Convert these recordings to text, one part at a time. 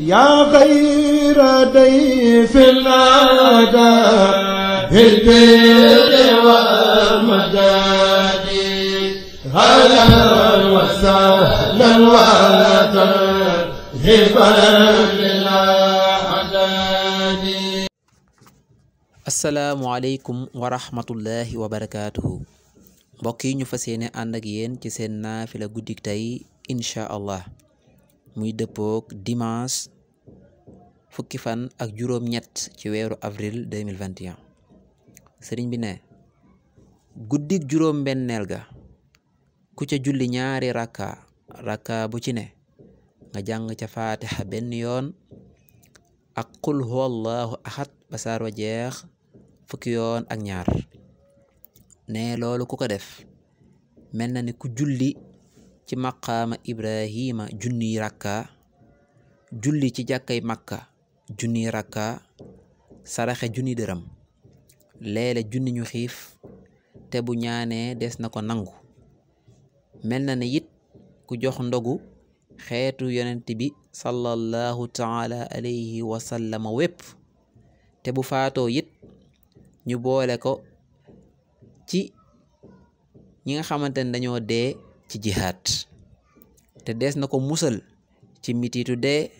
يا غير ضيف الأدى بالبر والمداد هلا وسهلا وترحبا للأعداد السلام عليكم ورحمة الله وبركاته mbokk yi ñu fas yéene ànd ak yéen ci seen guddik allah muy dimas dimanche fukki fan ak juróom-ñett ci weeru avril 2021 sëriñ bi ne guddik juróom-benneel ga ku ca julli ñaari rakka rakka bu ci ne nga jàng ca faatixa benn yoon ak qul huwallahu ahad ba wa jeex fukki yoon ak ñaar ne loolu ku ko def mel ni ku julli ci maqaama Ibrahima junniy rakka julli ci jàkkay Makka junniy rakka saraxe junni dërëm leele junni ñu xiif te bu ñaanee des na ko nangu mel na ne it ku jox ndogu xeetu yonent bi sallallahu taala alayhi wa sallam wépp te bu faatoo it ñu boole ko ci ñi nga xamante ne dee ci jihad te dees nako musal ci mititu nako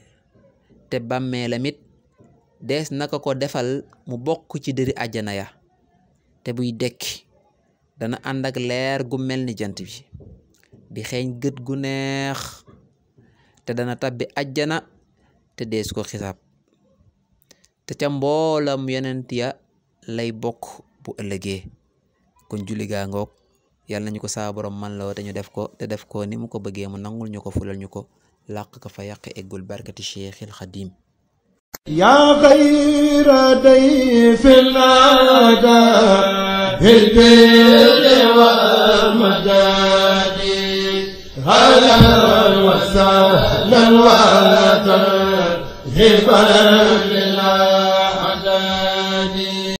te bamé lamit nako ko defal mu bokk ci dëri aljana ya te buy dekk dana andak leer gu melni jant bi di xeeñ geut gu neex te dana tabbi aljana te dees ko xisab te ca mbolam yonent ya lay bok bu ëllëgee kon juliga ngok yàlla nañu ko sa borom man la wata ñu def ko te def ko ni mu ko bëggee mu nangul ñu ko fulal ñu ko làq ka fa yàq eggul barkati Cheikhil Xadim يا خير ضيف الأداء بالبر والمداد هلا وسهلا وترحبا للأعداد